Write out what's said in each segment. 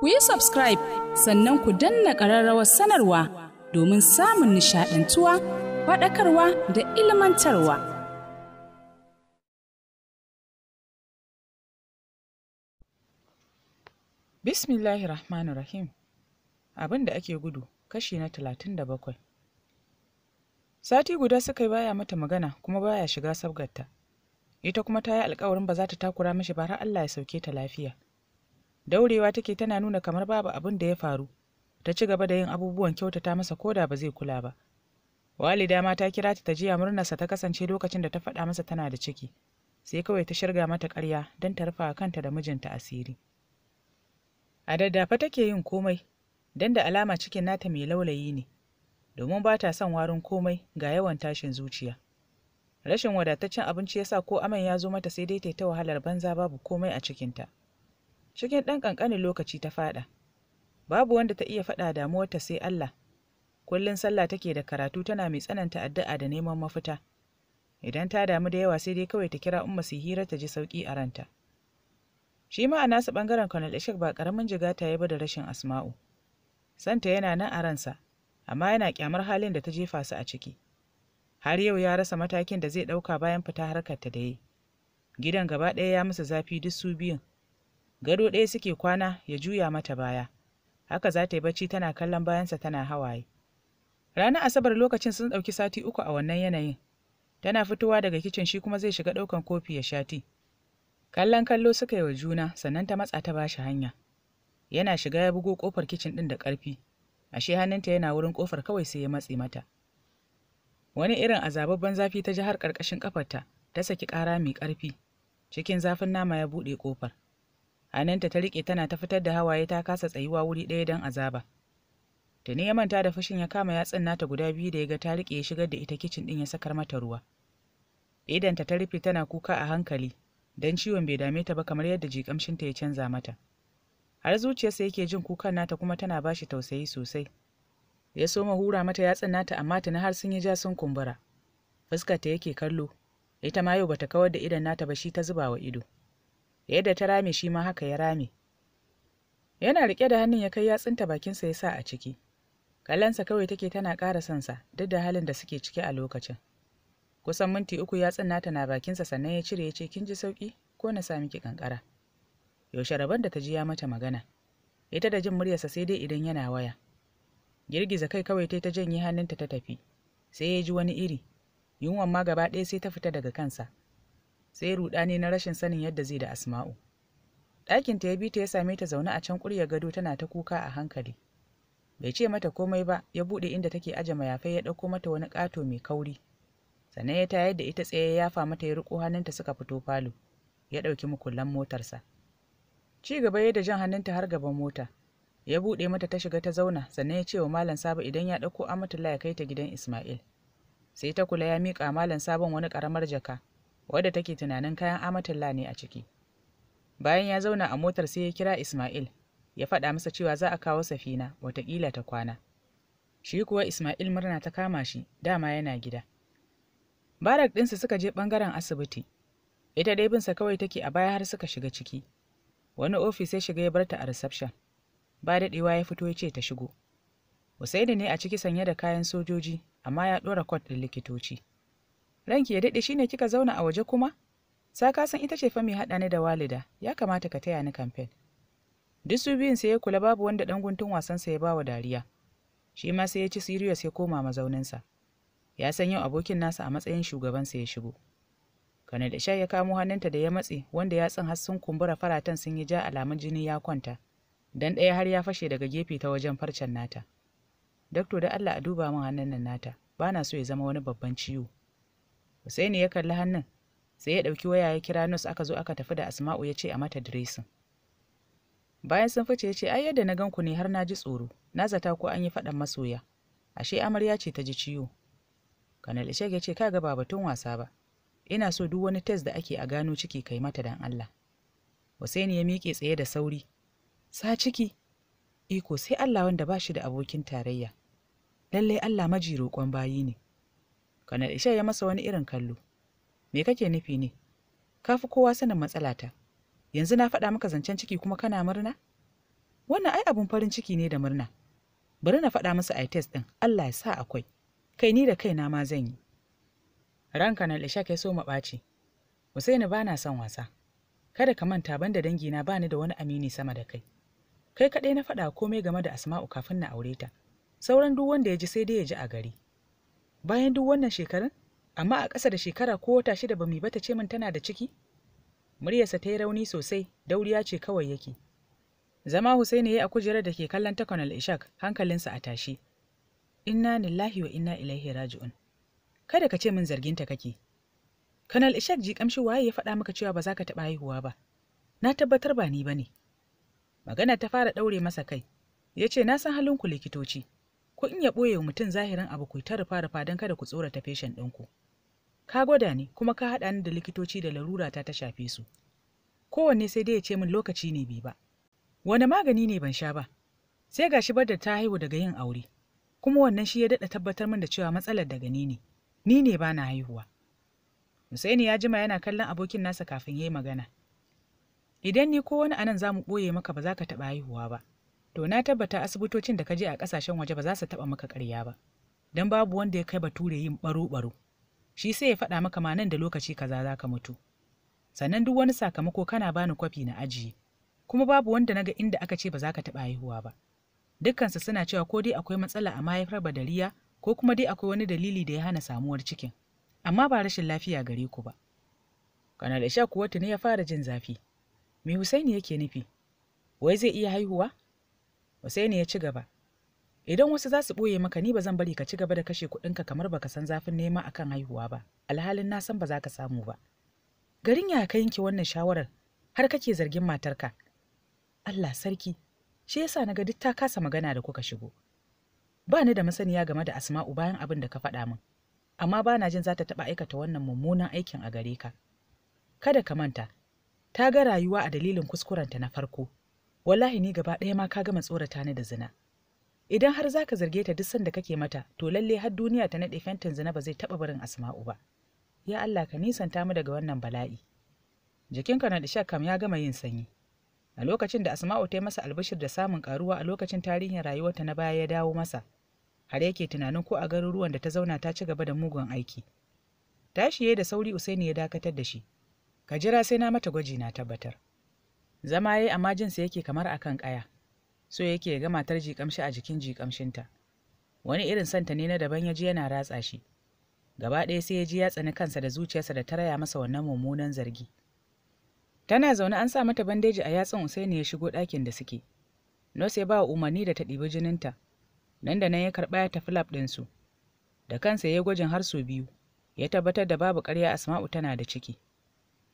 ku yi subscribe sannan ku danna ƙararrawar sanarwa domin samun nishaɗantuwa faɗakarwa da ilmantarwa. Bismillahir Rahmanir Rahim abin da ake gudu kashi na talatin da bakwai. Sati guda suka yi baya mata magana kuma baya shiga sabgarta. Ita kuma ta yi alkawarin ba za ta takura mashi ba har Allah ya sauke ta lafiya. daurewa take tana nuna kamar babu abin da ya faru ta ci gaba da yin abubuwan kyautata masa koda ba zai kula ba walida ma ta kira ta jiya murnarsa ta kasance lokacin da ta faɗa masa tana da ciki sai kawai ta shirga mata ƙarya don ta rufa kanta da mijinta asiri a daddafa take yin komai don da alama cikin nata mai laulayi ne domin ba ta son warin komai ga yawan tashin zuciya rashin wadataccen abinci ya sa ko aman ya zo mata sai dai ta wahalar banza babu komai a cikinta cikin ɗan ƙanƙanin lokaci ta faɗa babu wanda ta iya faɗa damuwarta sai Allah kullum sallah take da karatu tana mai tsananta addu'a da neman mafita idan ta damu da yawa sai dai kawai ta kira umma su hira ta ji sauki a ranta shi ma a nasa ɓangaren Colonel Ishak ba ƙaramin jiga ta ba da rashin Asma'u santa yana nan a ransa amma yana kyamar halin da ta jefa su a ciki har yau ya rasa matakin da zai ɗauka bayan fita harkar ta da yi gidan gaba ɗaya ya musu zafi duk su biyun gado ɗaya suke kwana ya juya mata baya haka za ta yi bacci tana kallon bayansa tana hawaye ranar asabar lokacin sun ɗauki sati uku a wannan yanayin tana fitowa daga kicin shi kuma zai shiga ɗaukan kofi ya shati kallon kallo suka yi wa juna sannan ta matsa ta bashi hanya yana shiga ya bugo kofar kicin ɗin da ƙarfi ashe hannunta yana wurin ƙofar kawai sai ya matse mata wani irin azababban zafi ta ji har ƙarƙashin ƙafarta ta saki ƙara mai ƙarfi cikin zafin nama ya buɗe ƙofar hannunta ta riƙe tana ta fitar da hawaye ta kasa tsayuwa wuri ɗaya don azaba tuni ya manta da fushin ya kama yatsun nata guda biyu da ya ga ta riƙe ya shigar da ita kicin ɗin ya sakar mata ruwa idanta ta rufe tana kuka a hankali don ciwon bai dame ta ba kamar yadda jikamshinta ya canza mata har zuciyarsa yake jin kukan nata kuma tana bashi tausayi sosai ya soma hura mata yatsun nata amma tuni har sun yi ja sun kumbura fuskarta yake kallo ita ma yau bata kawar da idan nata ba shi ta zuba wa ido yadda ta rame shi ma haka ya rame yana riƙe da hannun ya kai yatsunta bakinsa ya sa a ciki kallonsa kawai take tana ƙara sansa duk da halin da suke ciki a lokacin kusan minti uku yatsun nata na bakinsa sannan ya cire ya ce kin ji sauƙi ko na sa miki kankara yaushe rabon da ta ji ya mata magana ita da jin muryarsa sai dai idan yana waya girgiza kai kawai ta ta janye hannunta ta tafi sai ya ji wani iri yunwan ma gaba ɗaya sai ta fita daga kansa sai ne na rashin sanin yadda zai da asma'u ɗakinta ya bi ta ya same ta zaune a can ƙurya gado tana ta kuka a hankali bai ce mata komai ba ya buɗe inda take aje mayafai ya ɗauko mata wani ƙato mai kauri sannan ya tayar da ita tsaye ya yafa mata ya riƙo hannunta suka fito falo ya ɗauki mukullan motarsa ci gaba ya da jan hannunta har gaban mota ya buɗe mata ta shiga ta zauna sannan ya ce wa malam sabo idan ya ɗauko amatullah ya kai ta gidan ismail sai ta kula ya miƙa malam sabon wani ƙaramar jaka wadda take tunanin kayan amatalla ne a ciki bayan ya zauna a motar sai ya kira ismail ya faɗa masa cewa za a kawo safina wataƙila ta kwana shi kuwa ismail murna ta kama shi dama yana gida barak ɗinsa suka je ɓangaren asibiti ita dai binsa kawai take a baya har suka shiga ciki wani ofis ya shiga ya ta a reception ba daɗewa ya fito ya ce ta shigo Usaini ne a ciki sanye da kayan sojoji amma ya ɗora kwat ɗin likitoci. ranki ya daɗe shine kika zauna a waje kuma saka san ita ce fa mai haɗa ni da walida ya kamata ka taya ni kamfen duk su biyun sai ya kula babu wanda ɗan guntun wasansa ya ba wa dariya shi ma sai ya ci sirius ya koma mazauninsa ya san yau abokin nasa a matsayin shugabansa ya shigo kana da sha ya kamo hannunta da ya matse wanda ya tsin har sun kumbura faratan sun yi ja alamun jini ya kwanta dan ɗaya har ya fashe daga gefe ta wajen farcen nata dakto da Allah a duba min hannun nan nata bana so ya zama wani babban ciwo Husaini ya kalli hannun sai ya ɗauki waya ya kira Nus aka zo aka tafi da Asma'u ya ce a mata diresin. Bayan sun fice ya ce ai yadda na gan ku ne har na ji tsoro, na zata ko an yi faɗan masoya. Ashe amarya ce ta ji ciwo. Kanal Ishaq ya ce kaga ba batun wasa ba. Ina so duk wani test da ake a gano ciki kai mata dan Allah. Husaini ya miƙe tsaye da sauri. Sa ciki iko sai Allah wanda ba shi da abokin tarayya. Lallai Allah maji roƙon bayi ne. Kanal ya masa wani irin kallo. Me kake nufi ne? Ka fi kowa sanin matsalata. Yanzu na faɗa maka zancen ciki kuma kana murna? Wannan ai abun farin ciki ne da murna. Bari na faɗa masa ai test ɗin, Allah ya sa akwai. Kai ni da kaina ma zan yi. Ranka na isha kai so mu ɓaci. Husaini ba na son wasa. Kada ka manta banda da dangina ba ni da wani amini sama da kai. Kai kaɗai na faɗa komai game da Asma'u kafin na aure ta. Sauran duk wanda ya ji sai dai ya ji a gari. bayan duk wannan shekarun amma a ƙasa da shekara ko wata shida ba mu ba ta ce min tana da ciki muryarsa ta yi rauni sosai dauriya ce kawai yake zama Hussein ya yi a kujerar da ke kallon ta Ishak hankalinsa a tashi inna lillahi wa inna ilaihi raji'un kada ka ce min zarginta kake Kanal Ishak ji kamshi waye ya faɗa maka cewa ba za ka taɓa haihuwa ba na tabbatar ba ni ba ne. magana ta fara ɗaure masa kai ya ce na san halinku likitoci ku in ya ɓoye wa mutum zahirin abu ku ta rufa rufa don kada ku tsorata feshin ɗinku ka gwada ni kuma ka haɗa ni da likitoci da larura ta ta shafe su kowanne sai dai ya ce min lokaci ne bai ba wani magani ne ban sha ba sai ga shi da ta haihu daga yin aure kuma wannan shi ya daɗa tabbatar min da cewa matsalar daga ni ne ni ne ba na haihuwa Husaini ya jima yana kallon abokin nasa kafin ya yi magana. Idan ni ko wani anan za mu ɓoye maka ba za ka taɓa haihuwa ba. to na tabbata asibitocin da ka je a ƙasashen waje ba za su taɓa maka ƙarya ba don babu wanda ya kai bature yin baro-baro shi sai ya faɗa maka ma nan da lokaci kaza za ka mutu sannan duk wani sakamako kana bani kwafi na ajiye kuma babu wanda naga inda aka ce ba za ka taɓa haihuwa ba dukkansu suna cewa ko dai akwai matsala a mahaifar badariya ko kuma dai akwai wani dalili da ya hana samuwar cikin amma ba rashin lafiya gare ku ba kana da sha kuwa tuni ya fara jin zafi me husaini yake nufi wai zai iya haihuwa Hussaini ya ci gaba. Idan wasu za su ɓoye maka ni ba zan bari ka ci gaba da kashe kuɗinka kamar baka san zafin nema akan haihuwa ba, alhalin na san ba za ka samu ba. Garin ya ka yanke wannan shawarar har kake zargin matarka. Allah sarki, shi yasa na ga duk ta kasa magana da kuka shigo. Ba ni da masaniya game da Asma'u bayan abin da ka faɗa min, amma ba na jin za ta taɓa aikata wannan mummunan aikin a gare ka. Kada ka manta, ta ga rayuwa a dalilin kuskurenta na farko, wallahi ni gaba ɗaya ma ka gama tsorata ni da zina idan har zaka zarge ta duk sanda kake mata to lalle har duniya ta naɗe fentin zina ba zai taɓa barin asma'u ba ya Allah ka nisanta mu daga wannan bala'i jikinka na da kam ya gama yin sanyi a lokacin da asma'u ta yi masa albishir da samun karuwa a lokacin tarihin rayuwarta na baya ya dawo masa har yake tunanin ko a garuruwan da ta zauna ta ci gaba da mugun aiki tashi da sauri usaini ya dakatar da shi ka jira sai na mata gwaji na tabbatar zama ya yi amma jinsa yake kamar akan kaya. so yake ga matar jikamshi a jikin jiƙamshinta wani irin santa ne na daban ya ji yana ratsa shi gaba ɗaya sai ya ji ya tsani kansa da zuciyarsa da ta raya masa wannan mummunan zargi tana zaune an sa mata bandeji a yatsun usaini ya shigo ɗakin da suke sai ba umarni da ta ɗibi jininta nan da nan ya karɓa ya tafi lab ɗinsu da kansa ya yi gwajin har su biyu ya tabbatar da babu ƙarya asma'u tana da ciki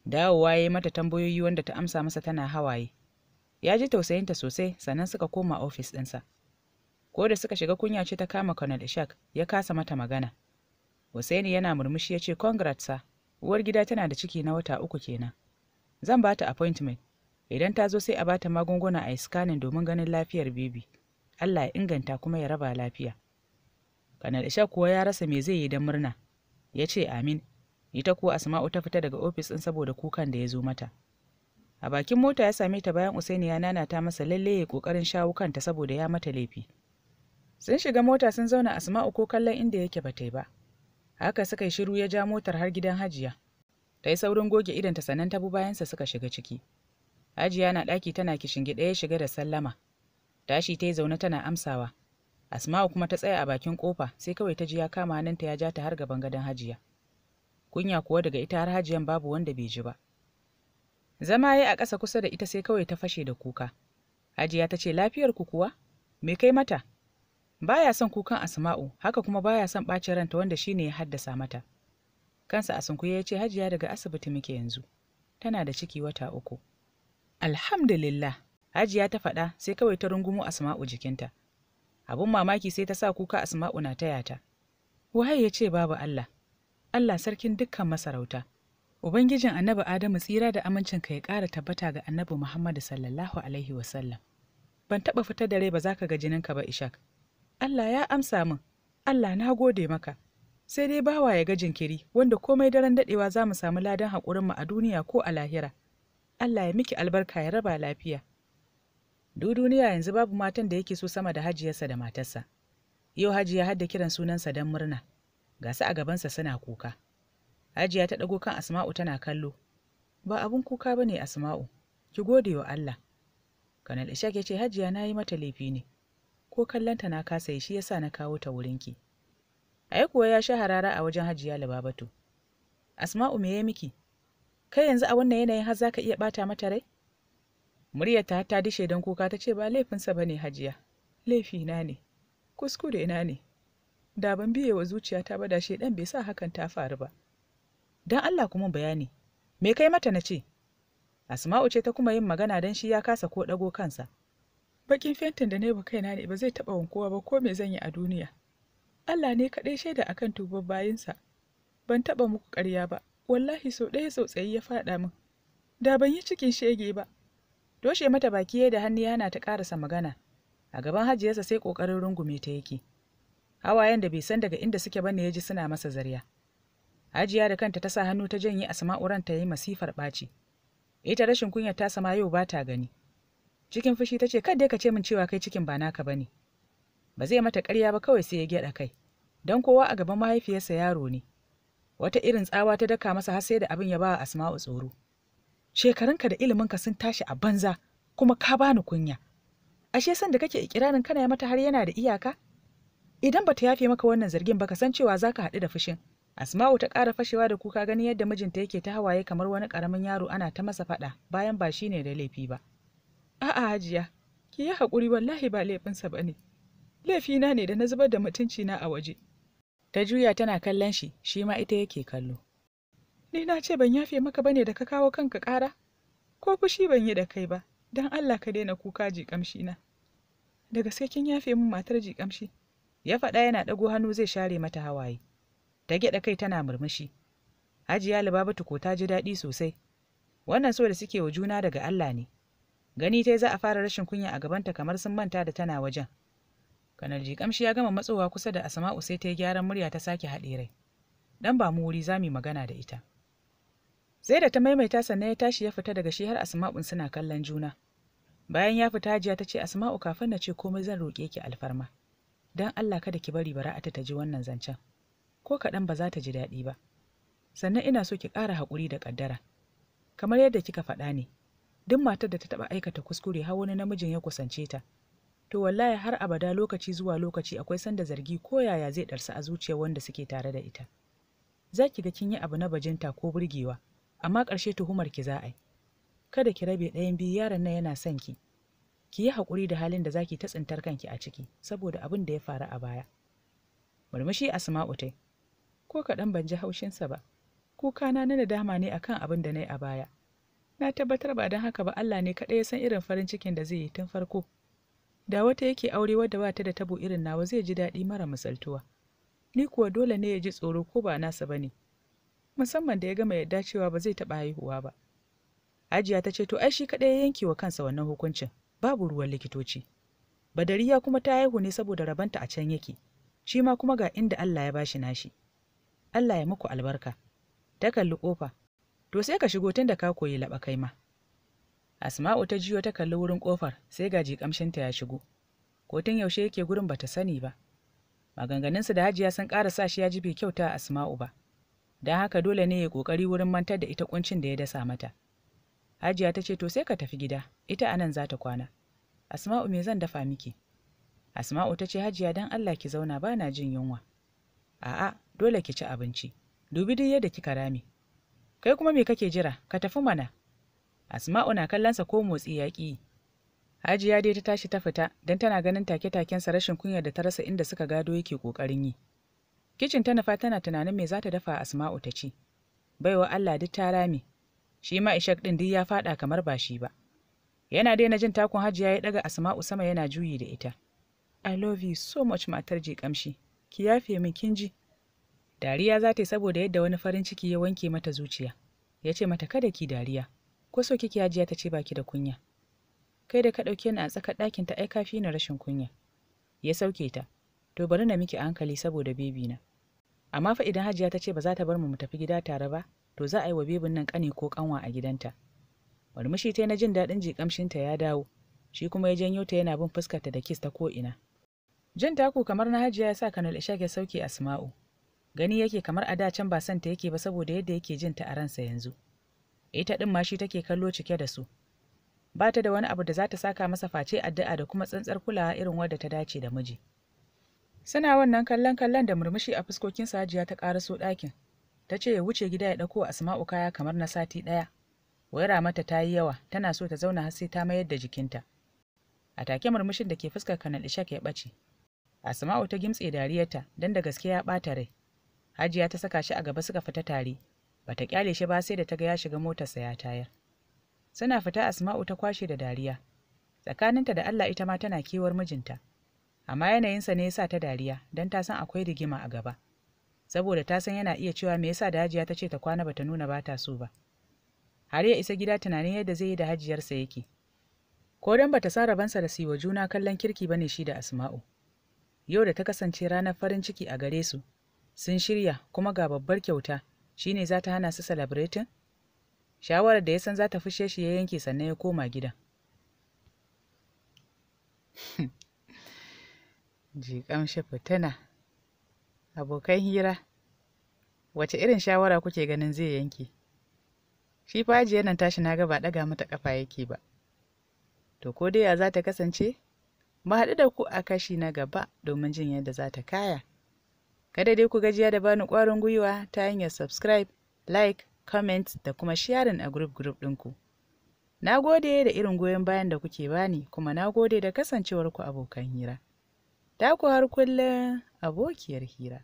dawowa ya yi mata tambayoyi wanda ta amsa masa tana hawaye ya ji tausayinta sosai sannan suka koma ofis ɗinsa ko da suka shiga kunya ce ta kama colonel ishak ya kasa mata magana Hussaini yana murmushi ya ce congrats sa uwar gida tana da ciki na wata uku kenan zan ba ta appointment idan ta zo sai a bata magunguna a scanning domin ganin lafiyar bibi Allah ya inganta kuma ya raba lafiya Colonel ishak kuwa ya rasa me zai yi don murna ya ce amin ita ko asma'u ta fita daga ofis ɗin saboda kukan da ya zo mata a bakin mota ya same ta bayan usaini ya nanata masa lalle ya kokarin shawo kanta saboda ya mata laifi sun shiga mota sun zauna asma'u ko kallon inda yake ba ba haka suka yi shiru ya ja motar har gidan hajiya ta yi saurin goge idanta sannan ta bi bayansa suka shiga ciki hajiya na ɗaki tana kishingi ɗaya shiga da sallama tashi ta yi zaune tana amsawa asma'u kuma ta tsaya a bakin kofa sai kawai ta ji ya kama hannunta ya ja ta har gaban gadon hajiya kunya kuwa daga ita har hajiyan babu wanda bai ji ba zama ya a ƙasa kusa da ita sai kawai ta fashe da kuka hajiya ta ce lafiyar ku kuwa me kai mata baya son kukan asma'u haka kuma baya son ɓacin ranta wanda shine ya haddasa mata kansa a sunkuye ya ce hajiya daga asibiti muke yanzu tana da ciki wata uku alhamdulillah hajiya ta faɗa sai kawai ta rungumo asma'u jikinta abun mamaki sai ta sa kuka asma'u na taya ta waye ya ce babu allah Allah sarkin dukkan masarauta. Ubangijin annabi Adamu tsira da amincinka ya ƙara tabbata ga annabi Muhammadu sallallahu Alaihi wasallam. Ban taɓa fita da rai ba za ka ga ka ba Ishak. Allah ya amsa min, Allah na gode maka. Sai dai bawa ya ga jinkiri wanda komai daren daɗewa za mu samu ladan mu a duniya ko a lahira. Allah ya miki albarka ya raba lafiya. Du duniya yanzu babu matan da yake so sama da hajiyarsa da matarsa. Yau hajiya hadda kiran sunansa don murna. ga su a gabansa suna kuka hajiya ta ɗago kan asma'u tana kallo ba abun kuka ba ne asma'u ki gode wa allah kanal ishak ya ce hajiya na yi mata laifi ne ko kallonta na kasa yi shi ya sa na kawo ta wurinki yi kuwa ya sha harara a wajen hajiya lababatu asma'u me ya miki kai yanzu a wannan yanayin har za ka iya ɓata mata rai muryarta ta dishe don kuka ta ce ba laifinsa ba ne hajiya laifina ne kuskure na ne da ban biye wa zuciyata ba da shedan bai sa hakan ta faru ba dan Allah kuma bayani me kai mata na ce Asma'u ce ta kuma yin magana dan shi ya kasa ko dago kansa bakin fentin da na yi kaina ne ba zai taba wankowa ba ko me zan yi a duniya Allah ne kaɗai shaida akan tubar bayinsa ban taba muku ƙarya ba wallahi sau ɗaya sau tsayi ya faɗa min da ban yi cikin shege ba doshe mata baki da hannu yana ta karasa magana a gaban hajiyarsa sai ƙoƙarin rungume ta yake hawayen da bai san daga inda suke bane ya ji suna masa zarya hajiya da kanta ta sa hannu ta janye asma'u ranta ya yi masifar ɓaci ita rashin kunya ta sama yau ba ta gani cikin fushi ta ce kada ka ce min cewa kai cikin ba naka bane ba zai mata ƙarya ba kawai sai ya gyaɗa kai don kowa a gaban mahaifiyarsa yaro ne wata irin tsawa ta daka masa har sai da abin ya ba asma'u tsoro shekarunka da iliminka sun tashi a banza kuma ka bani kunya ashe sanda kake ikirarin kana mata har yana da iyaka idan bata yafe maka wannan zargin ba ka san cewa ka haɗu da fushin asma'u ta ƙara fashewa da kuka gani yadda mijinta yake ta hawaye kamar wani ƙaramin yaro ana ta masa faɗa bayan ba shi ne da laifi ba a'a hajiya ki yi haƙuri wallahi ba laifinsa ba ne laifina ne da na zubar da mutuncina a waje ta juya tana kallon shi shi ma ita yake kallo ni na ce ban yafe maka bane da ka kawo kanka ƙara ko fushi ban yi da kai ba don allah ka daina kuka ji na Daga sai kin yafe min matar ji ƙamshi ya faɗa yana ɗago hannu zai share mata hawaye ta gyaɗa kai tana murmushi hajiya libabatu ko ta ji daɗi sosai wannan so da suke wa juna daga allah ne gani ta za a fara rashin kunya a gabanta kamar sun manta da tana wajen kanar jikamshi ya gama matsowa kusa da asma'u sai ta yi gyaran murya ta sake haɗe rai dan ba mu wuri za mu magana da ita sai da ta maimaita sannan ya tashi ya fita daga shi har asma'un suna kallon juna bayan ya fita hajiya ta ce asma'u kafin na ce komai zan roƙe ki alfarma don Allah kada ki bari bara'ata ta ji wannan zancen ko kaɗan ba za ta ji daɗi ba sannan ina so ki ƙara haƙuri da ƙaddara kamar yadda kika faɗa ne duk matar da ta taɓa aikata kuskure har wani namijin ya kusance ta to wallahi har abada lokaci zuwa lokaci akwai sanda zargi ko yaya zai ɗarsa a zuciyar wanda suke tare da ita za ki ga kin yi abu na bajinta ko burgewa amma ƙarshe tuhumar ki za a yi kada ki rabe ɗayan biyu yaron nan yana son ki ki yi haƙuri da halin da zaki ta tsintar kanki a ciki saboda abin da ya faru a baya murmushi asma'u tai ko kaɗan ban ji haushinsa ba kukana na nadama ne akan abin da na yi a baya na tabbatar ba don haka ba allah ne kaɗai ya san irin farin cikin da zai yi tun farko da wata yake aure wadda ba ta da tabo irin nawa zai ji daɗi mara misaltuwa ni kuwa dole ne ya ji tsoro ko ba nasa ba ne musamman da ya gama yadda cewa ba zai taɓa haihuwa ba ajiya ta ce to ai shi kaɗai ya yanke wa kansa wannan hukuncin babu ruwan likitoci badariya kuma ta haihu ne saboda rabanta a can yake shi ma kuma ga inda Allah ya bashi nashi Allah ya muku albarka ta kalli ƙofa. to sai ka shigo da ka koyi laɓakai kai ma Asma'u ta jiyo ta kalli wurin ƙofar, sai gaji ƙamshinta ya shigo ko tun yaushe yake gurin bata sani ba maganganunsu da hajiya sun ƙara sa shi ya ji bai kyauta Asma'u ba don haka dole ne ya ƙoƙari wurin mantar da ita ƙuncin da ya dasa mata Hajiya ta ce to sai ka tafi gida, ita anan za ta kwana. Asma'u me zan dafa miki? Asma'u ta ce Hajiya dan Allah ki zauna ba na jin yunwa. A'a, dole ki ci abinci. Dubi duk yadda kika rame. Kai kuma me kake jira? Ka tafi mana. Asma'u na kallonsa ko motsi yaƙi. Hajiya dai ta tashi ta fita dan tana ganin take-takensa rashin kunya da ta rasa inda suka gado yake ƙoƙarin yi. Kicin ta nufa tana tunanin me za ta dafa Asma'u ta ci. Baiwa Allah duk ta rame, shi ma ishak ɗin duk ya faɗa kamar ba shi ba yana daina jin takun hajiya ya ɗaga asma'u sama yana juyi da ita i love you so much matar je kamshi ki yafe min kin ji dariya za ta yi saboda yadda wani farin ciki ya wanke mata zuciya ya ce mata kada ki dariya ko so kiki hajiya ta ce baki da kunya kai da ka ɗauke ni a tsaka ɗakin ta ai kafi ni rashin kunya ya sauke ta to bari na miki a hankali saboda bebi na amma fa idan hajiya ta ce ba za ta bar mu mu tafi gida tare ba to za a yi wa bebin nan ƙane ko ƙanwa a gidanta murmushi ta na jin daɗin ji ƙamshinta ya dawo shi kuma ya janyo ta yana bin fuskarta da kis ta ko'ina jin taku kamar na hajiya ya sa Kano ishaq ya sauke asma'u gani yake kamar a da can ba santa yake ba saboda yadda yake jin ta a ransa yanzu ita ɗin ma shi take kallo cike da su ba ta da wani abu da za ta saka masa face addu'a da kuma tsantsar kulawa irin wadda ta dace da miji suna wannan kallon kallon da murmushi a fuskokin hajiya ta ƙaraso ɗakin ta ce ya wuce gida ya ɗauko asma'u kaya kamar na sati ɗaya waira mata ta yi yawa tana so ta zauna har sai ta mayar da jikinta a take murmushin da ke fuskar kanal ishak ya ɓace asma'u ta gimtse dariyarta don da gaske ya ɓata rai hajiya ta saka shi a gaba suka fita tare bata kyale shi ba sai da ta ga ya shiga motarsa ya tayar suna fita asma'u ta kwashe da dariya tsakaninta da allah ita ma tana kewar mijinta amma yanayinsa ne ya sa ta dariya don ta san akwai rigima a gaba saboda ta san yana iya cewa me yasa da hajiya ta ce ta kwana bata nuna bata so ba har ya isa gida tunanin yadda zai yi da hajiyarsa yake ko dan bata sa rabansa da siwa juna kallon kirki ba bane shi da asma'u yau da ta kasance ranar farin ciki a gare su sun shirya kuma ga babbar kyauta shine za ta hana su celebrating shawarar da ya san za ta fushe shi ya yanke sannan ya koma gida jiƙan shi fitina abokan hira wace irin shawara kuke ganin zai yanke shi fajiya nan tashi na ga ba ɗaga mata ƙafa yake ba to ko dai ya za ta kasance ba haɗu da ku a kashi na gaba domin jin yadda za ta kaya kada dai ku gajiya da bani ƙwarin gwiwa ta hanyar subscribe like comment da kuma sharing a group group ɗinku na gode da irin goyon bayan da kuke bani kuma na gode da kasancewarku abokan hira ta ku har kullum abokiyar hira